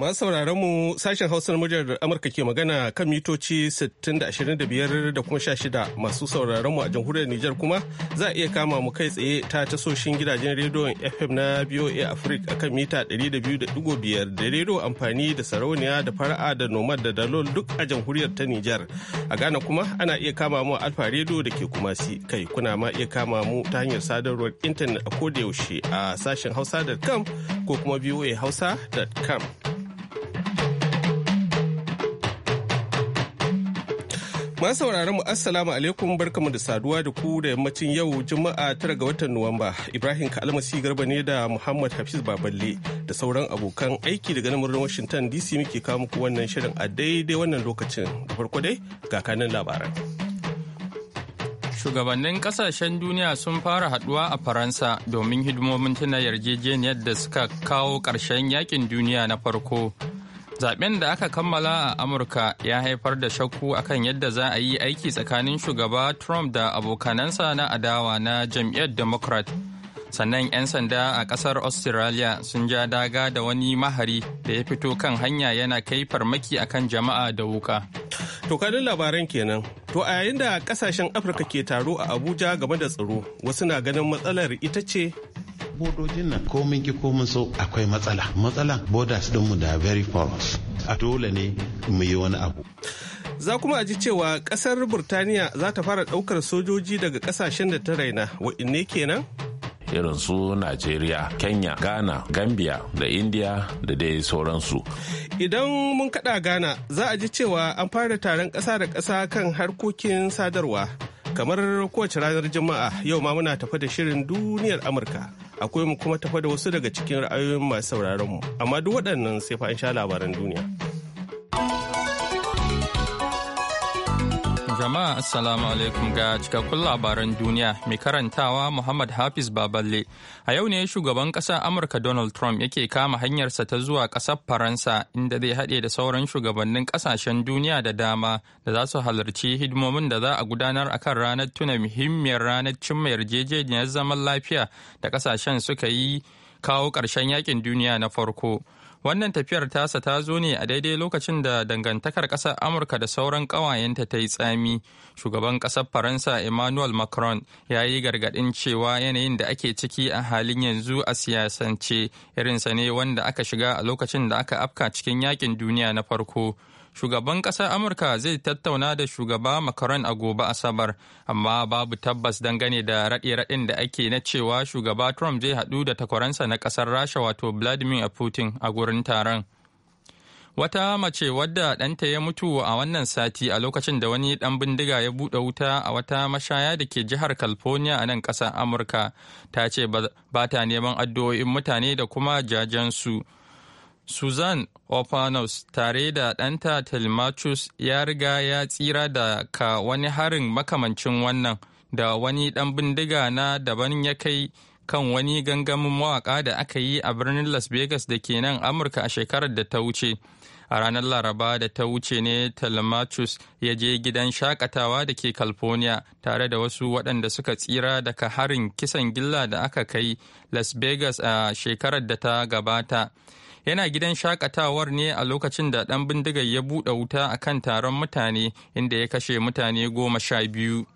Masu sauraron mu sashen na muryar Amurka ke magana kan mitoci 6025 da kuma 16 masu sauraron mu a jamhuriyar Nijar kuma za a iya kama mu kai tsaye ta tasoshin gidajen rediyon FM na BOA Africa akan mita 200.5 da rediyo amfani da sarauniya da fara'a da nomad da dalol duk a jamhuriyar ta Nijar. A Ghana kuma ana iya kama mu a Alfa rediyo da ke kumasi si kai kuna ma iya kama mu ta hanyar sadarwar intanet a kodayaushe a sashen hausa.com ko kuma Hausa.com. Masu sauraron mu assalamu alaikum barkamu da saduwa da ku da yammacin yau juma'a tara ga watan Nuwamba. Ibrahim Kalmasi Garba ne da Muhammad Hafiz Baballe da sauran abokan aiki daga nan Washington DC muke kawo muku wannan shirin a daidai wannan lokacin. Da farko dai ga kanan labaran. Shugabannin kasashen duniya sun fara haduwa a Faransa domin hidimomin tuna yarjejeniyar da suka kawo karshen yakin duniya na farko Zaben da aka kammala a Amurka ya haifar da shakku akan yadda za a yi aiki tsakanin shugaba Trump da abokanansa na adawa na jam'iyyar Democrat. Sannan 'yan sanda a kasar Australia sun ja daga da wani mahari da ya fito kan hanya yana kai farmaki akan jama'a da wuka. To kanin labaran kenan. To a yayin da kasashen Afirka ke taro a Abuja game da tsaro, wasu na ganin matsalar ita ce bodojin nan ko mun ki ko mun so akwai matsala matsalan borders mu da very porous a dole ne mu yi wani abu za kuma a ji cewa kasar burtaniya za ta fara daukar sojoji daga kasashen da ta raina wa'inne kenan irin su Najeriya, Kenya, Ghana, Gambia da India da dai sauransu. Idan mun kada Ghana za a ji cewa an fara taron ƙasa da ƙasa kan harkokin sadarwa. Kamar kowace ranar Juma'a yau ma muna tafi da shirin duniyar Amurka. akwai mu kuma tafa da wasu daga cikin ra'ayoyin masu sauraron mu amma duk waɗannan sai fa in sha labaran duniya. Jama'a Assalamu alaikum ga cikakkun labaran duniya mai karantawa Muhammad Hafiz Baballe. A yau ne shugaban ƙasar Amurka Donald Trump yake kama hanyarsa ta zuwa ƙasar Faransa inda zai haɗe da sauran shugabannin ƙasashen duniya da dama da za su halarci hidimomin da za a gudanar a kan ranar tuna muhimmiyar ranar cimma yarjejeniyar zaman lafiya da ƙasashen suka yi kawo ƙarshen yakin duniya na farko. Wannan tafiyar tasa ta zo ne a daidai lokacin da dangantakar ƙasar Amurka da sauran ƙawayenta ta yi tsami. Shugaban ƙasar Faransa Emmanuel Macron ya yi gargaɗin cewa yanayin da ake ciki a halin yanzu a siyasance irinsa ne wanda aka shiga a lokacin da aka afka cikin yakin duniya na farko. shugaban ƙasar amurka zai tattauna da shugaba macron a gobe asabar amma babu tabbas dangane da raɗe-raɗin da ake na cewa shugaba trump zai haɗu da takwaransa na ƙasar rasha wato vladimir putin a gurin taron wata mace wadda ɗanta ya mutu a wannan sati a lokacin da wani ɗan bindiga ya buɗe wuta a wata mashaya da ke jihar california a nan ƙasar amurka ta ce ba ta neman addu'o'in mutane da kuma jajensu su Suzanne Opanos tare da ɗanta Telmachus ya riga ya tsira da ka wani harin makamancin wannan da wani ɗan bindiga na daban ya kai kan wani gangamin mawaƙa da aka yi a birnin Las Vegas da ke nan Amurka a shekarar da ta wuce. A ranar Laraba da ta wuce ne Telmachus ya je gidan shakatawa da ke California tare da wasu waɗanda suka tsira daga harin kisan gilla da aka kai Las Vegas a shekarar da ta gabata. yana gidan shakatawar ne a lokacin da ɗan bindigar ya buɗe wuta a kan taron mutane inda ya kashe mutane goma sha biyu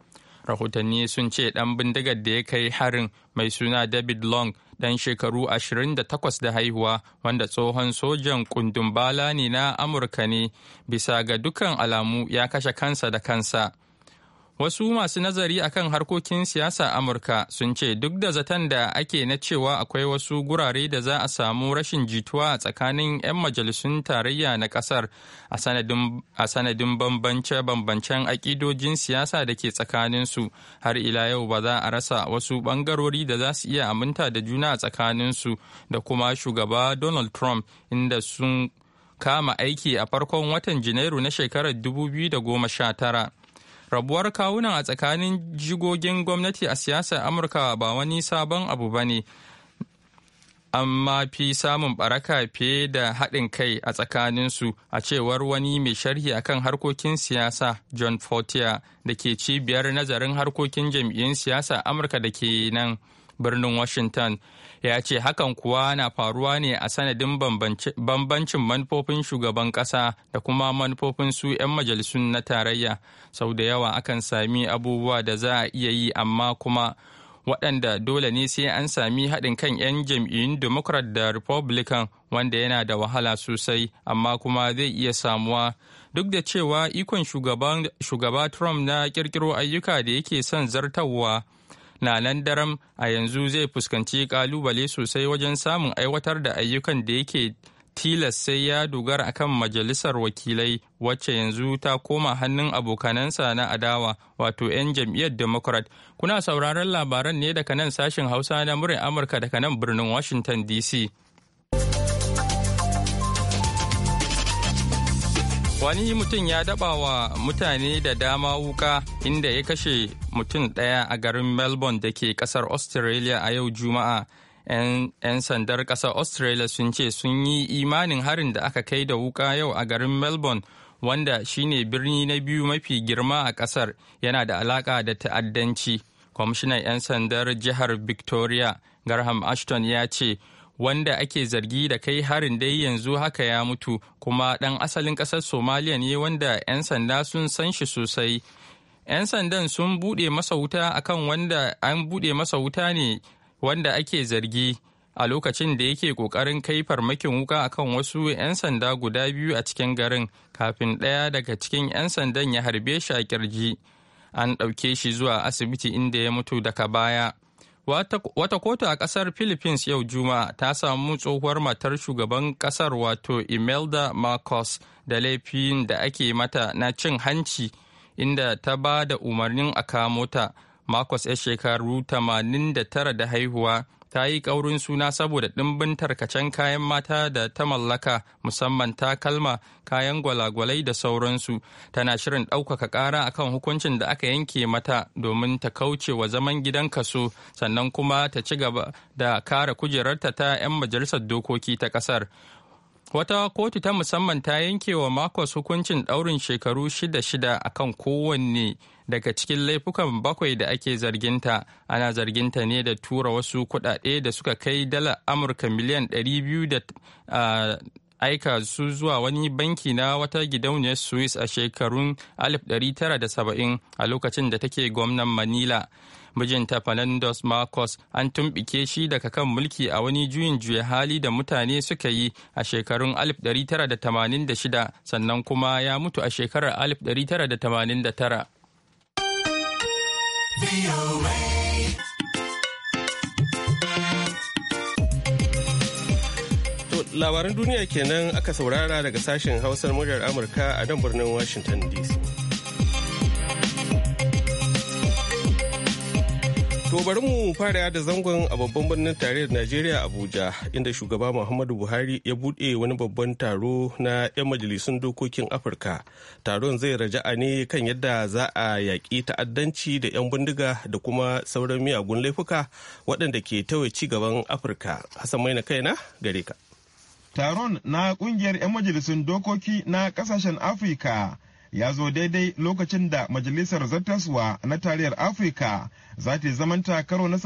rahotanni sun ce ɗan bindigar da ya kai harin mai suna david long dan shekaru 28 da haihuwa wanda tsohon sojan kundumbala ne na amurka ne bisa ga dukkan alamu ya kashe kansa da kansa Wasu masu nazari a kan harkokin siyasa Amurka sun ce duk da zaton da ake na cewa akwai wasu gurare da za a samu rashin jituwa a tsakanin 'yan majalisun tarayya na kasar a sanadin bambance-bambancen akidojin siyasa da ke tsakaninsu har ila yau ba za a rasa wasu ɓangarori da za su iya aminta da juna a tsakaninsu da kuma shugaba Donald Trump inda sun kama aiki a farkon watan Janairu na shekarar 2019. rabuwar kawunan a tsakanin jigogin gwamnati a siyasar amurka ba wani sabon abu ba ne amma fi samun baraka fiye da haɗin kai a tsakaninsu a cewar wani mai sharhi akan harkokin siyasa john fortier da ke cibiyar nazarin harkokin jam'iyyun siyasa amurka da ke nan. birnin washington ya ce hakan kuwa na faruwa ne a sanadin bambancin manufofin shugaban ƙasa da kuma manufofin su 'yan majalisun na tarayya sau da yawa akan sami abubuwa da za a iya yi amma kuma waɗanda dole ne sai an sami haɗin kan 'yan jam'iyyun democrat da republican wanda yana da wahala sosai amma kuma zai iya samuwa duk da cewa ikon shugaba trump na kirkiro ayyuka da yake son zartarwa na nan daram a yanzu zai fuskanci kalubale sosai wajen samun aiwatar da ayyukan da yake tilas sai ya dogara a kan majalisar wakilai wacce yanzu ta koma hannun abokanansa na adawa wato 'yan jam'iyyar democrat kuna sauraron labaran ne daga nan sashen hausa na murin amurka daga nan birnin washington dc wani mutum ya daba wa mutane da dama wuka inda ya kashe mutum daya a garin melbourne da ke kasar australia a yau juma'a 'yan sandar kasar australia sun ce sun yi imanin harin da aka kai da wuka yau a garin melbourne wanda shine birni na biyu mafi girma a kasar yana da alaka da ta'addanci kwamishinan 'yan sandar jihar victoria garham ashton ya ce wanda ake zargi da kai harin dai yanzu haka ya mutu kuma ɗan asalin ƙasar somaliya ne wanda 'yan sanda sun san shi sosai 'yan sandan sun buɗe masa wuta akan wanda an buɗe masa wuta ne wanda ake zargi a lokacin da yake ƙoƙarin kai farmakin wuka akan wasu 'yan sanda guda biyu a cikin garin kafin ɗaya daga cikin 'yan sandan ya harbe shi a kirji an ɗauke shi zuwa asibiti inda ya mutu daga baya. Wata kotu a ƙasar Philippines yau juma ta samu tsohuwar matar shugaban ƙasar wato Imelda Marcos da laifin da ake mata na cin hanci inda ta ba da umarnin a marcus 'yar Marcos ya shekaru 89 da haihuwa ta yi ƙaurin suna saboda ɗimbin tarkacen kayan mata da ta mallaka musamman takalma kayan gwalagwalai da sauransu tana shirin ɗaukaka ƙara akan hukuncin da aka yanke mata domin ta kauce wa zaman gidan kaso sannan kuma ta ci gaba da kara kujerarta ta 'yan majalisar dokoki ta ƙasar Wata kotu ta musamman ta yanke wa makos hukuncin ɗaurin shekaru shida-shida akan kowanne daga cikin laifukan bakwai da ake zarginta ana zarginta ne da tura wasu kuɗaɗe da suka kai dala amurka miliyan 200 da aika su zuwa wani banki na wata gidauniyar swiss a shekarun 1970 a lokacin da take gwamnan manila mijinta fernandos marcos an tumbike shi daga kan mulki a wani juyin juya hali da mutane suka yi a shekarun 1986 sannan kuma ya mutu a shekarar 1989 Labaran duniya kenan aka saurara daga sashen hausar muryar Amurka a nan birnin Washington DC. To bari mu fara da zangon a babban birnin tarayyar Najeriya Abuja inda shugaba Muhammadu Buhari ya buɗe wani babban taro na 'yan majalisun dokokin Afirka. Taron zai raja a ne kan yadda za a yaƙi ta'addanci da 'yan bindiga da kuma sauran miyagun laifuka waɗanda ke tawaye ci gaban Afirka. Hassan Maina kaina gare ka. Taron na ƙungiyar 'yan majalisun dokoki na ƙasashen Afirka ya zo daidai lokacin da majalisar zartaswa na tariyar afirka za ta zamanta karo na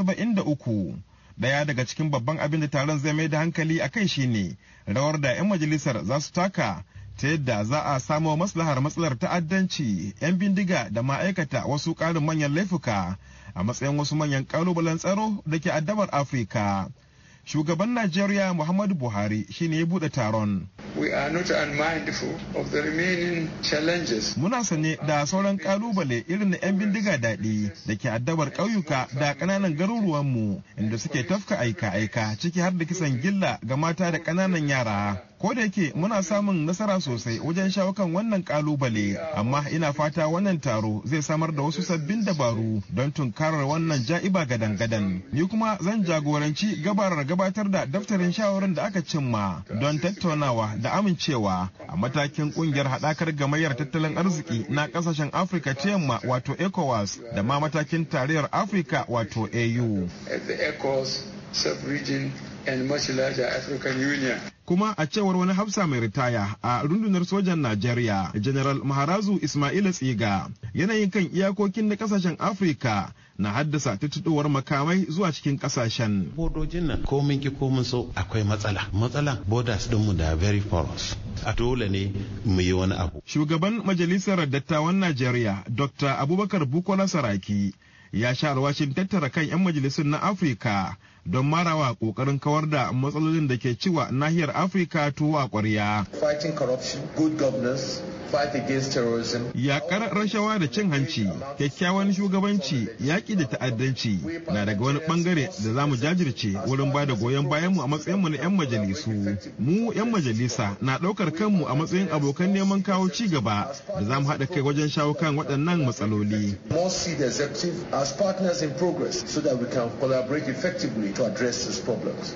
uku. daya daga cikin babban abin da taron zai mai da hankali a kai shine rawar da 'yan majalisar za su taka ta yadda za a samu maslahar matsalar ta'addanci 'yan bindiga da ma'aikata wasu ƙarin manyan laifuka a matsayin wasu manyan ƙalubalen tsaro da ke addabar afirka Shugaban Najeriya Muhammadu Buhari shine ya bude taron. We not unmindful of the remaining challenges. Muna sane da sauran kalubale irin na 'yan bindiga daɗi da ke addabar ƙauyuka da ƙananan garuruwanmu inda suke tafka aika-aika ciki har da kisan gilla ga mata da ƙananan yara. ko da yake muna samun nasara sosai wajen shawakan wannan kalubale amma ina fata wannan taro zai samar da wasu sabbin dabaru don tunkarar wannan ja'iba gadan-gadan ni kuma zan jagoranci gabarar gabatar da daftarin shawarar da aka cimma don tattaunawa da amincewa a matakin kungiyar haɗakar gamayyar tattalin arziki na ƙasashen afirka ta yamma wato ecowas da ma matakin tarayyar afirka wato au and much larger African Union. kuma a cewar wani hafsa mai ritaya a rundunar sojan Najeriya, General Maharazu Ismaila Tsiga, yanayin kan iyakokin na kasashen Afrika na haddasa tuttuɗuwar makamai zuwa cikin kasashen. Bodojin nan komin ki komin so akwai matsala. Matsalan borders ɗinmu da very porous. A dole ne mu yi wani abu. Shugaban Majalisar Dattawan Najeriya, Dr. Abubakar Bukola Saraki, ya sha alwashin tattara kan 'yan majalisun na Afrika. don marawa kokarin kawar da matsalolin da ke ciwa nahiyar afirka tuwo a kwarya yakar rashawa da cin hanci kyakkyawan shugabanci yaƙi da ta'addanci na daga wani bangare da za mu jajirce wurin ba da goyon bayanmu a matsayinmu na 'yan majalisu mu 'yan majalisa na ɗaukar kanmu a matsayin abokan neman kawo ci gaba da za mu haɗa kai wajen shawo kan waɗannan matsaloli. must see the executive as partners in progress so that we can collaborate effectively to address these problems.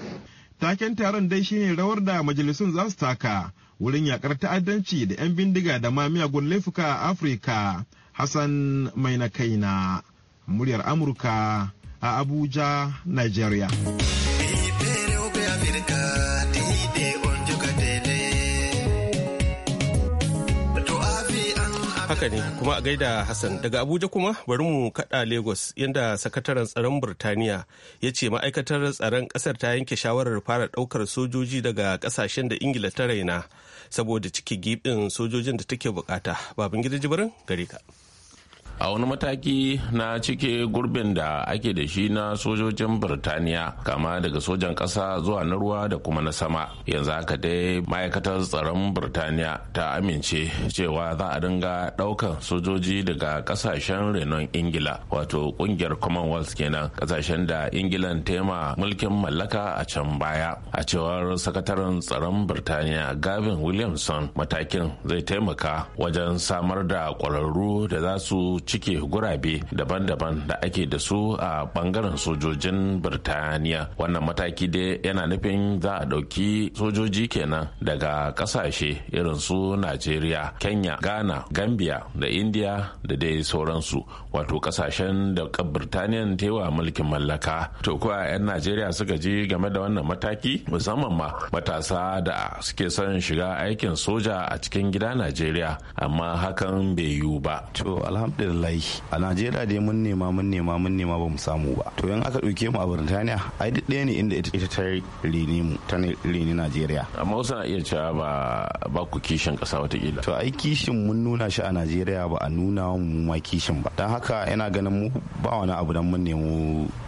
Taken taron dai shine rawar da majalisun za su taka wurin yakar ta'addanci da 'yan bindiga da ma miyagun laifuka a Afirka. Hassan mai na na muryar Amurka a Abuja, Nigeria. haka ne kuma a gaida hassan daga abuja kuma bari mu kada lagos yadda sakataren tsaron burtaniya ya ce ma'aikatar tsaron kasar ta yanke shawarar fara daukar sojoji daga kasashen da ingila ta raina saboda ciki gibin sojojin da take bukata babangida jibirin gare ka a wani mataki na cike gurbin da ake da shi na sojojin birtaniya kama daga sojan ƙasa zuwa na ruwa da kuma na sama yanzu haka dai ma'aikatar tsaron birtaniya ta amince cewa za a dinga ɗaukan sojoji daga ƙasashen renon ingila wato ƙungiyar commonwealth kenan ƙasashen da ingilan tema mulkin mallaka a can baya a cewar sakataren tsaron birtaniya gavin williamson matakin zai taimaka wajen samar da ƙwararru da za su cike gurabe daban-daban da ake da su a bangaren sojojin birtaniya wannan mataki dai yana nufin za a ɗauki sojoji kenan daga ƙasashe irin su najeriya kenya ghana gambia da india da dai sauransu wato ƙasashen da birtaniya ta wa mulkin mallaka to kuwa 'yan najeriya suka ji game da wannan mataki musamman ma matasa da suke son shiga aikin soja a cikin gida najeriya amma hakan bai yiwu ba to wallahi a najeriya dai mun nema mun nema mun nema ba mu samu ba to yan aka ɗauke mu a birtaniya ai duk ɗaya ne inda ita ta rene mu ta rene najeriya amma wasu na iya cewa ba ba ku kishin ƙasa watakila to ai kishin mun nuna shi a najeriya ba a nuna mu ma kishin ba don haka yana ganin mu ba wani abu dan mun nemo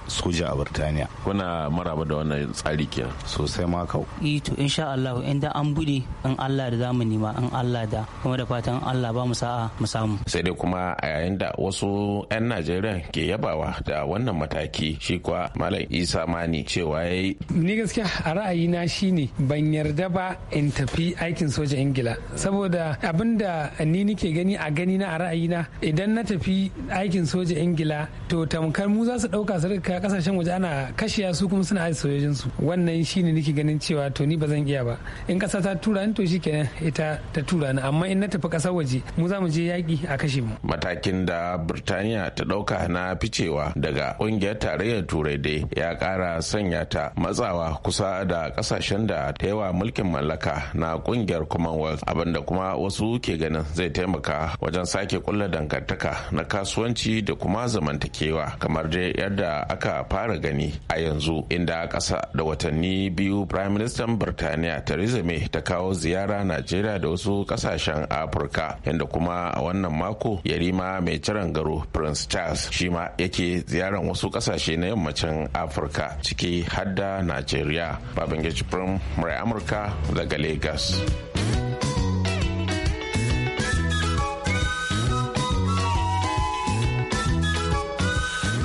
soja a birtaniya kuna maraba da wannan tsari ke sosai ma kau yi eh to insha Allah in da an bude in Allah da zamu nema in Allah da kuma da fatan Allah ba mu sa'a mu samu sai dai kuma a yayin da wasu 'yan najeriya ke yabawa da wannan mataki shi kuwa malam isa mani cewa ya yi ni gaskiya a ra'ayi ra'ayina ne ban yarda ba in tafi aikin soja ingila saboda abin da ni nike gani a gani na a ra'ayina idan na tafi aikin soja ingila to tamkar mu za su dauka su rika kasashen waje ana kashiya su kuma suna aji sojojin su wannan shi shine nike ganin cewa to ni ba zan iya ba in kasa ta tura ni to kenan ita ta tura ni amma in na tafi kasar waje mu za mu je yaƙi a kashe mu matakin da birtaniya ta dauka na ficewa daga kungiyar tarayyar turai dai ya kara sanya ta matsawa kusa da kasashen da ta yawa mulkin mallaka na kungiyar commonwealth abinda kuma wasu ke ganin zai taimaka wajen sake kulla dangantaka na kasuwanci da kuma zamantakewa kamar dai yadda aka fara gani a yanzu inda ƙasa da watanni biyu prime minister birtaniya theresa may ta kawo ziyara najeriya da wasu kasashen afirka yadda kuma a wannan mako yarima mai mai garo prince charles shi ma yake ziyaran wasu kasashe na yammacin afirka ciki hadda nigeria babangeji prime murai amurka daga lagos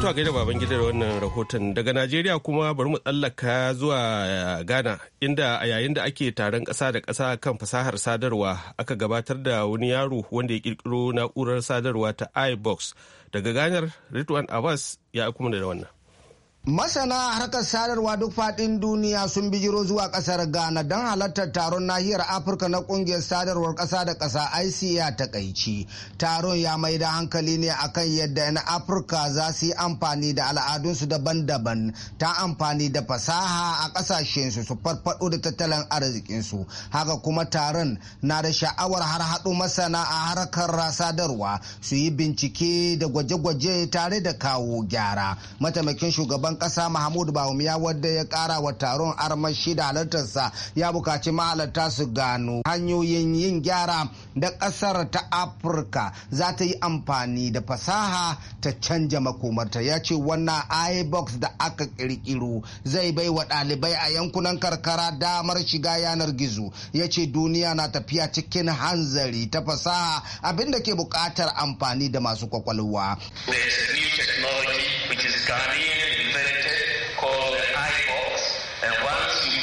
to gaida baban gida da wannan rahoton daga Najeriya kuma bari mu tsallaka zuwa eh, Ghana inda a yayin da ake taron kasa da kasa kan fasahar sadarwa aka gabatar da wani yaro wanda ya kirkiro na'urar sadarwa ta iBox daga ganar ritwan Abbas ya kuma da wannan. Masana harkar sadarwa duk faɗin duniya sun bijiro zuwa ƙasar Ghana don halartar taron nahiyar Afirka na ƙungiyar sadarwar ƙasa da ƙasa ICA ta kaici. Taron ya mai da hankali ne akan yadda 'yan Afirka za su yi amfani da al'adunsu daban-daban ta amfani da fasaha a ƙasashensu su farfaɗo da tattalin arzikinsu. Haka kuma taron na da sha'awar har haɗo masana a harkar sadarwa su yi bincike da gwaje-gwaje tare da kawo gyara. Mataimakin shugaban shugaban kasa mahmud bawumia wadda ya kara wa taron armashi da halartarsa ya bukaci mahalarta su gano hanyoyin yin gyara da kasar ta afirka za ta yi amfani da fasaha ta canja makomarta ya ce wannan ibox da aka kirkiro zai bai wa ɗalibai a yankunan karkara damar shiga yanar gizo ya ce duniya na tafiya cikin hanzari ta fasaha abinda ke buƙatar amfani da masu kwakwalwa.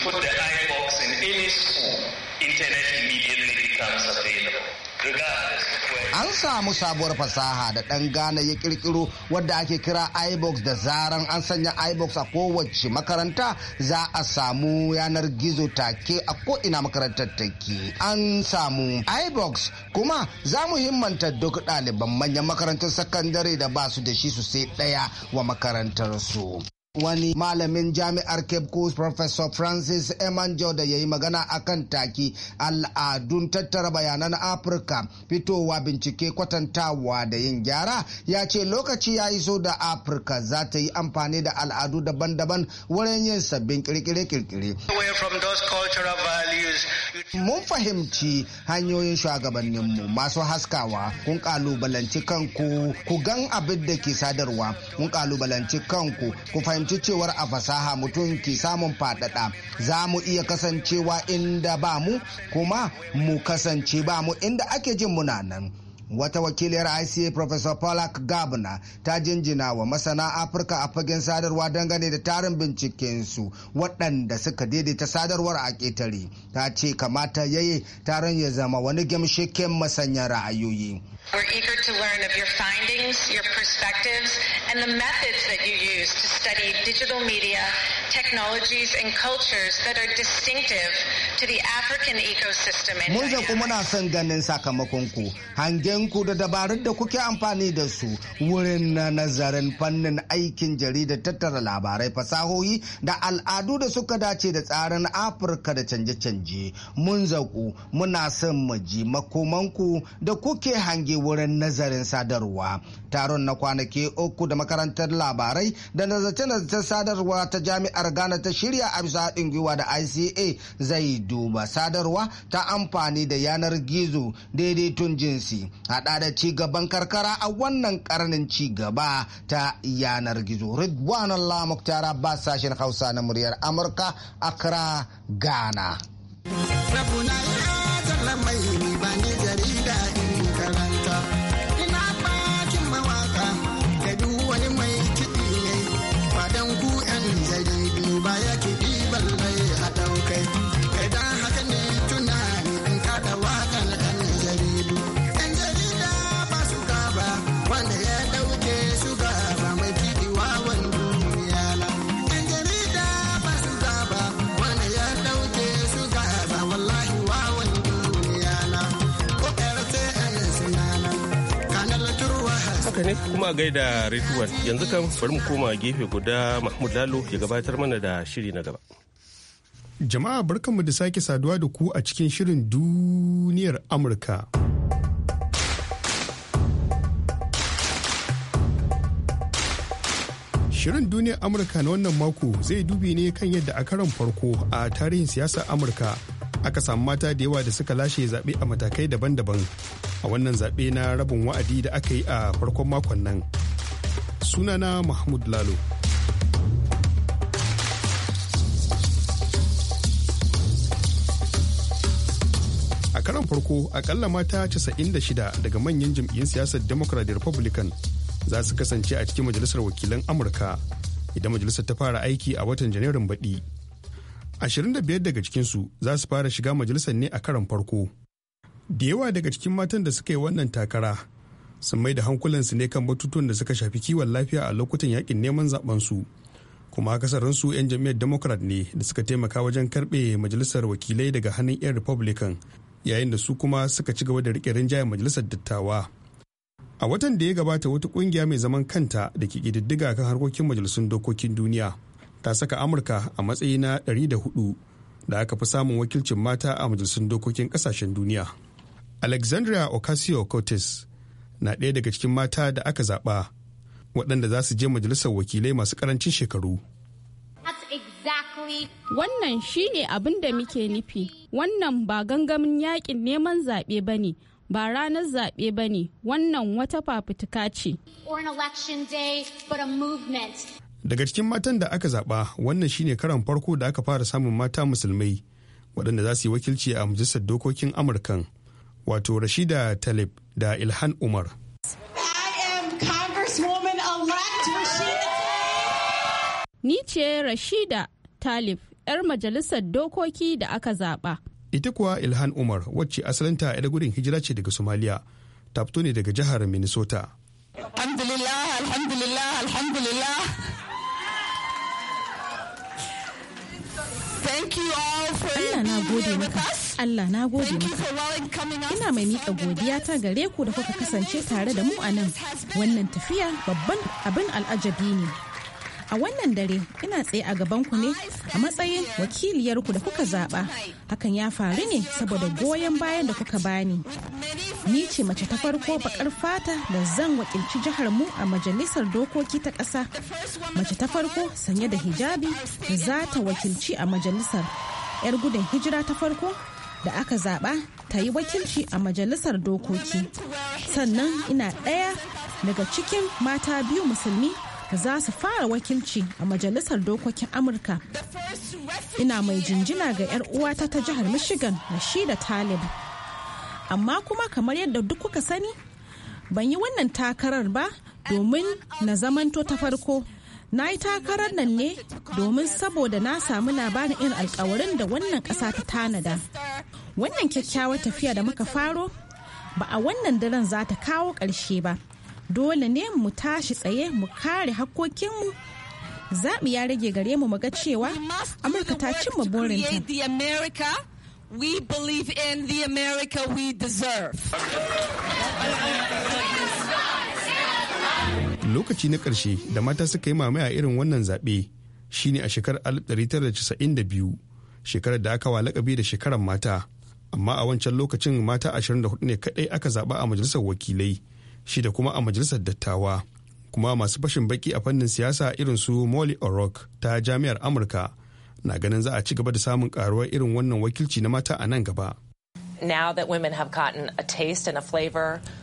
put the iron box in any school, internet immediately becomes available. An samu sabuwar fasaha da ɗan Ghana ya ƙirƙiro wadda ake kira iBox da zaran an sanya iBox a kowace makaranta za a samu yanar gizo take a ko'ina makarantar take. An samu iBox kuma za mu himmanta duk ɗaliban manyan makarantar sakandare da ba su da shi su sai ɗaya wa makarantar su. wani malamin jami'ar cape coast professor francis emanjo da ya yi magana a kan taki al'adun tattara bayanan afirka fitowa bincike kwatantawa da yin gyara ya ce lokaci ya yi so da afirka za ta yi amfani da al'adu daban-daban wurin yin sabbin kirkire-kirkire mun fahimci hanyoyin shugabanninmu masu haskawa kun kalubalanci kanku ku gan abin da ke sadarwa kun kalubalanci kanku ku fahimci kasance cewar a fasaha mutum ke samun fadada za mu iya kasancewa inda ba mu kuma mu kasance ba mu inda ake jin muna nan wata wakiliyar ICA Professor Polak Gabna ta jinjina wa masana Afirka a fagen sadarwa dangane da tarin bincikensu waɗanda suka daidaita sadarwar a ƙetare ta ce kamata yayi taron ya zama wani gamshiken masanyar ra'ayoyi. We're eager to learn of your findings, perspectives, and the methods that you use to study digital media, technologies, and cultures that are distinctive to the African ecosystem. Mun zaku muna son ganin sakamakon ku sakamakonku, hangenku da dabarun da kuke amfani da su wurin na nazarin fannin aikin jarida tattara labarai fasahohi da al'adu da suka dace da tsarin Afirka da canje-canje. Mun zaku muna son mu ji makomanku da kuke hange wurin nazarin sadarwa. Taron na kwanaki uku da makarantar labarai da nazarce nazarce sadarwa ta jami'ar ghana ta shirya a bisa haɗin gwiwa da ica zai duba sadarwa ta amfani da yanar gizo daidaiton jinsi haɗa da ci karkara a wannan karnin cigaba ta yanar gizo ridwan allah muktar ba sashen hausa na muryar amurka accra ghana Rabuna ya mai ba ni jarida a gaida Rituwan yanzu kan bari mu koma gefe guda Mahmud Lalo ya gabatar mana da shiri na gaba. Jama'a barkanmu da sake saduwa da ku a cikin shirin duniyar Amurka. Shirin duniyar Amurka na wannan mako zai dubi ne kan yadda a karon farko a tarihin siyasar Amurka aka samu mata da yawa da suka lashe zaɓe a matakai daban-daban a wannan zaɓe na rabin wa'adi da aka yi a farkon makon nan sunana mahmud lalo a karan farko akalla mata 96 daga manyan jam'iyyun siyasar democrat da republican za su kasance a cikin majalisar wakilan amurka idan majalisar ta fara aiki a watan janairun baɗi 25 daga cikinsu za su fara shiga majalisar ne a karan farko da yawa daga cikin matan da suka yi wannan takara sun mai da hankulansu ne kan batutuwan da suka shafi kiwon lafiya a lokutan yakin neman su kuma akasarinsu 'yan jam'iyyar democrat ne da suka taimaka wajen karbe majalisar wakilai daga hannun 'yan republican yayin da su kuma suka ci gaba da rike rinjayen majalisar dattawa a watan da ya gabata wata kungiya mai zaman kanta da ke kan harkokin majalisun dokokin duniya ta saka amurka a matsayi na 104 da aka fi samun wakilcin mata a majalisun dokokin kasashen duniya alexandria ocasio-cortez na ɗaya daga cikin mata da aka zaɓa waɗanda za su je majalisar wakilai masu ƙarancin shekaru wannan shine abin da muke nufi wannan ba gangamin yakin neman zaɓe ba ne ba ranar zaɓe ba ne wannan wata fafutuka ce. daga cikin matan da aka zaba wannan shine karan farko da aka fara samun mata musulmai waɗanda za su yi wakilci a majalisar dokokin amurkan wato rashida talib da ilhan umar ni ce rashida talib 'yar majalisar dokoki da aka zaɓa ita kuwa ilhan umar wacce asalinta 'yar gudun hijira ce daga somaliya ta fito ne daga jihar minnesota alhamdulillah alhamdulillah alhamdulillah Allah na gode maka. Allah na gode maka. Ina mai miƙa godiya ta gare ku da kuka kasance tare da mu a nan. Wannan tafiya babban abin al'ajabi ne. a wannan dare ina tsaye a gabanku ne a matsayin wakiliyarku da kuka zaɓa hakan ya faru ne saboda goyon bayan da kuka bani ni ce mace ta farko bakar fata da zan wakilci jihar mu a majalisar dokoki ta ƙasa mace ta farko sanye da hijabi da za ta wakilci a majalisar 'yar gudun hijira ta farko da aka zaɓa ta yi wakilci a majalisar dokoki sannan ina ɗaya daga cikin mata biyu musulmi za su fara wakilci a majalisar dokokin amurka ina mai jinjina ga 'yar uwata ta jihar michigan da talib amma kuma kamar yadda duk kuka sani ban yi wannan takarar ba domin na zamanto ta farko na yi takarar nan ne domin saboda na samu labarin irin alkawarin da wannan ƙasa ta tanada wannan kyakkyawar tafiya da muka faro ba a wannan daren za ta kawo ƙarshe ba dole ne mu tashi tsaye mu kare hakkokinmu zaɓi ya rage gare mu ga cewa amurka ta cimma burinta We believe in the America we deserve. Lokaci na ƙarshe da mata suka yi mamaya irin wannan zaɓe shine a shekarar 1992, shekarar da aka wa lakabi da shekarar mata. Amma a wancan lokacin mata 24 ne kaɗai aka zaɓa a majalisar wakilai. shida kuma a majalisar dattawa kuma masu fashin baki a fannin siyasa irin su molly o'rourke ta jami'ar amurka na ganin za a ci gaba da samun karuwar irin wannan wakilci na mata a nan gaba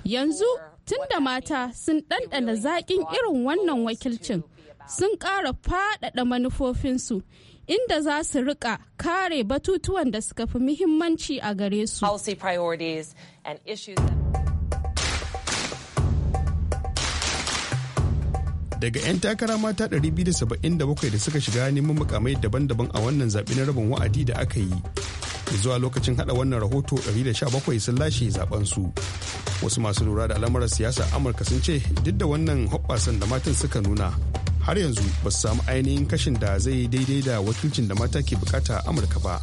yanzu tun da mata sun ɗanɗana zaƙin irin wannan wakilcin sun ƙara faɗaɗa manufofinsu inda za su rika kare batutuwan da suka fi muhimmanci a gare su. daga 'yan takara mata 277 da suka shiga neman mukamai daban-daban a wannan zaɓe na rabin wa'adi da aka yi zuwa lokacin hada wannan rahoto 117 sun lashe su wasu masu lura da al'amuran siyasa amurka sun ce duk da wannan hoɓɓasan da matan suka nuna har yanzu ba su samu ainihin kashin da zai daidai da wakilcin da mata ke bukata amurka ba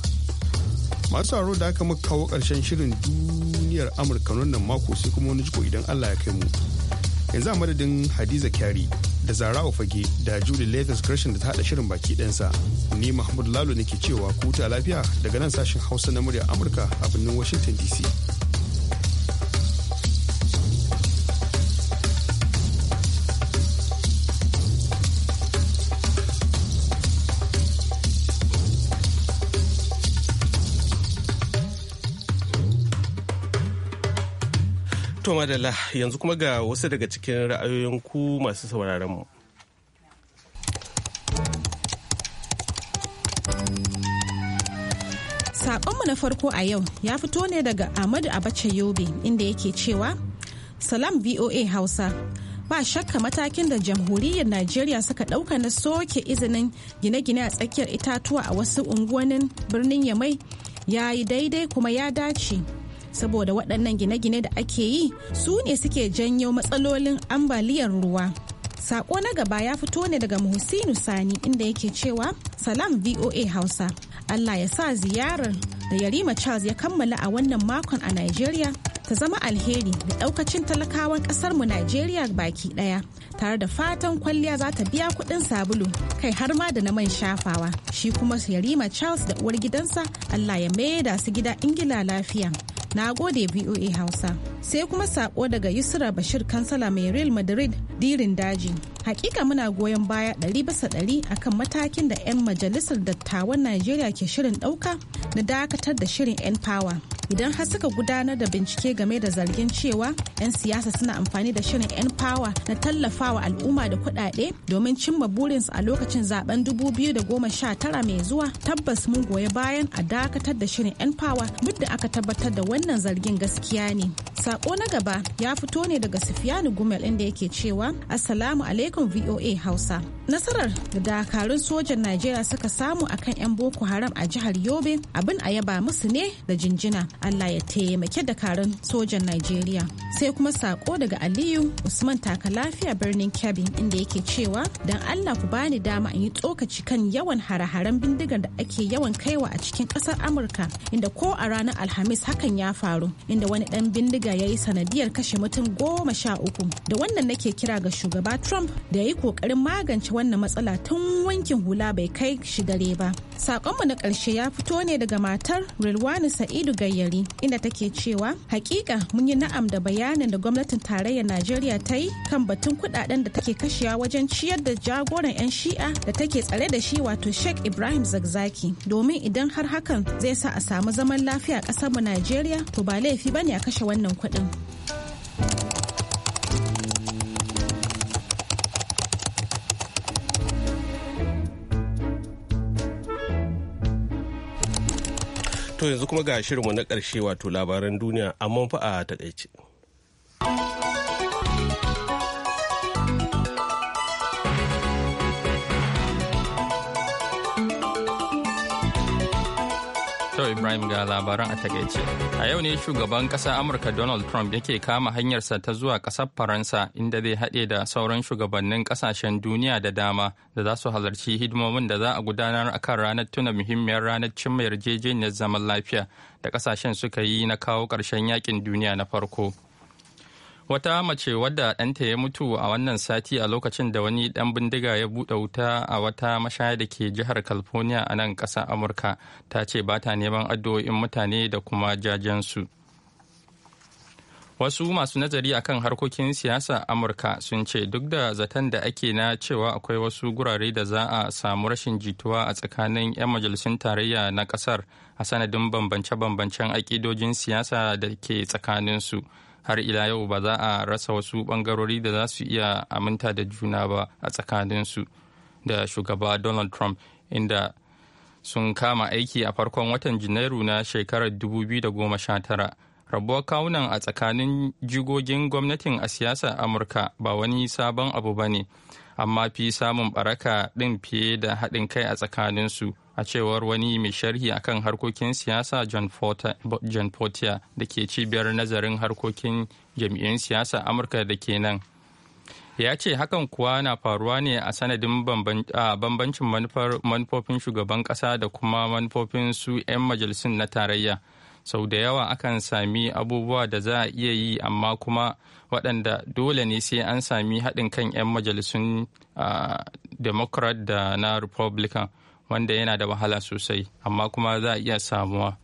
masu taro da aka muka kawo ƙarshen shirin duniyar amurka nan mako sai kuma wani jiko idan allah ya kai mu yanzu a madadin hadiza kyari da zarawa fage da julie leathers gresham da ta hada shirin baki ɗansa ni mahmud lalo ne ke cewa kuta lafiya daga nan sashen hausa na murya amurka a birnin washington dc To madala yanzu kuma ga wasu daga cikin ra'ayoyin ku masu sauraron mu. Saƙonmu na farko a yau ya fito ne daga Ahmadu Abacha Yobe inda yake cewa Salam VOA Hausa ba shakka matakin da jamhuriyar Najeriya suka ɗauka na soke izinin gine-gine a tsakiyar itatuwa a wasu unguwannin birnin Yamai ya yi daidai kuma ya dace. saboda waɗannan gine-gine da ake yi su ne suke janyo matsalolin ambaliyar ruwa. Sako na gaba ya fito ne daga Muhsinu Sani inda yake cewa Salam VOA Hausa. Allah ya sa ziyarar da Yarima Charles ya kammala a wannan makon a Nigeria ta zama alheri da ɗaukacin talakawan ƙasarmu Najeriya baki ɗaya tare da fatan kwalliya za ta biya kuɗin sabulu kai har ma da na man shafawa shi kuma Yarima Charles da uwar gidansa Allah ya maida su gida Ingila lafiya. Na gode VOA Hausa. Sai kuma sako daga Yusra Bashir kansala mai Real Madrid dirin daji. Hakika muna goyon baya ɗari basa ɗari akan matakin da 'yan majalisar dattawan Najeriya ke shirin ɗauka na dakatar da shirin 'yan power. idan har suka gudanar da bincike game da zargin cewa 'yan siyasa suna amfani da shirin 'yan power na tallafawa al'umma da kuɗaɗe domin cimma burinsu a lokacin zaben 2019 mai zuwa tabbas mun goyi bayan a dakatar da shirin 'yan power duk aka tabbatar da wannan zargin gaskiya ne sako na gaba ya fito ne daga sufiyanu gumel inda yake cewa assalamu alaikum voa hausa nasarar da dakarun sojan najeriya suka samu akan 'yan boko haram a jihar yobe abin a yaba musu ne da jinjina Allah ya taimake dakarun sojan Najeriya. Sai kuma sako daga Aliyu Usman taka lafiya birnin Kebbi inda yake cewa don Allah ku bani dama in yi tsokaci kan yawan hare-haren bindigar da ake yawan kaiwa a cikin kasar Amurka inda ko a ranar Alhamis hakan ya faru inda wani dan bindiga ya yi sanadiyar kashe mutum goma sha uku. Da wannan nake kira ga shugaba Trump da ya yi ƙoƙarin magance wannan matsala tun wankin hula bai kai shi dare ba. Sakonmu na ƙarshe ya fito ne daga matar Rilwani Sa'idu Gayyari inda take cewa hakika mun yi na'am da bayanin da gwamnatin tarayyar Najeriya ta yi kan batun kudaden da take kashewa wajen ciyar da jagoran 'yan shi'a da take tsare da shi wato Sheikh Ibrahim Zagzaki domin idan har hakan zai sa a samu zaman lafiya a ƙasarmu Najeriya to ba laifi bane a kashe wannan kuɗin. yanzu kuma ga shirinmu na ƙarshe wato labaran duniya amma fa a takaice. Ibrahim ga labaran a takaice. A yau ne shugaban ƙasar Amurka Donald Trump yake kama hanyarsa ta zuwa ƙasar Faransa inda zai haɗe da sauran shugabannin ƙasashen duniya da dama da za su halarci hidimomin da za a gudanar a kan ranar tuna muhimmiyar ranar cimma yarjejeniyar zaman lafiya da ƙasashen suka yi na kawo ƙarshen yaƙin duniya na farko. wata mace wadda ɗanta ya mutu a wannan sati a lokacin da wani ɗan bindiga ya buɗe wuta a wata mashaya da ke jihar california a nan ƙasar amurka ta ce ba ta neman addu'o'in mutane da kuma jajensu wasu masu nazari a kan harkokin siyasa amurka sun ce duk da zaton da ake na cewa akwai wasu gurare da za a samu rashin jituwa a tsakanin 'yan majalisun tarayya na kasar a sanadin bambance-bambancen akidojin siyasa da ke tsakaninsu. su har ila yau ba za a rasa wasu bangarori da za su iya aminta da juna ba a tsakaninsu da shugaba donald trump inda sun kama aiki a farkon watan janairu na shekarar 2019 rabuwar kawunan a tsakanin jigogin gwamnatin a siyasar amurka ba wani sabon abu ba ne amma fi samun baraka ɗin fiye da haɗin kai a tsakaninsu a cewar wani mai sharhi akan harkokin siyasa john portia da ke cibiyar nazarin harkokin jam'iyyun siyasa amurka da ke nan ya ce hakan kuwa na faruwa ne a sanadin bambancin manufofin shugaban kasa da kuma manufofin su 'yan majalisun na tarayya sau da yawa akan sami abubuwa da za a iya yi amma kuma waɗanda dole ne sai an sami haɗin kan 'yan majalisun democrat da na republican wanda yana da wahala sosai amma kuma za a iya samuwa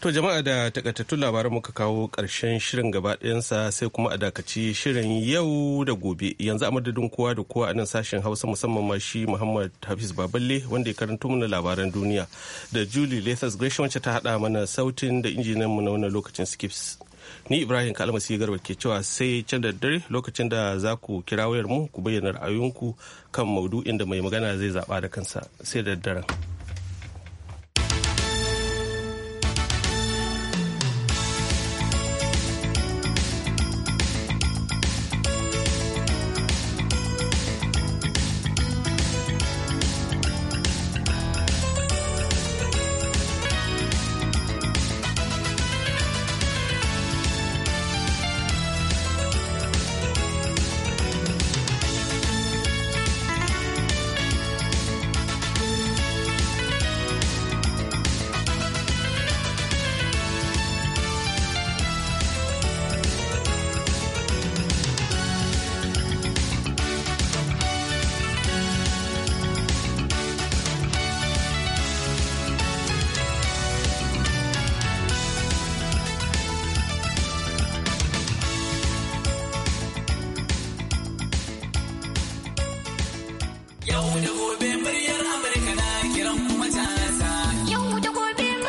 To jama'a da takaitattun labaran muka kawo karshen shirin gaba ɗayansa sai kuma a dakaci shirin yau da gobe yanzu a madadin kowa da kowa a nan sashen hausa musamman ma shi Muhammad Hafiz Baballe wanda ya karanto mana labaran duniya da Julie Lathas Gresham ta haɗa mana sautin da injiniyan mu na wannan lokacin skips ni ibrahim kalmasi garba ke cewa sai can da dare lokacin da za ku kira wayar mu ku bayyana ra'ayoyinku kan maudu'in da mai magana zai zaɓa da kansa sai da daren.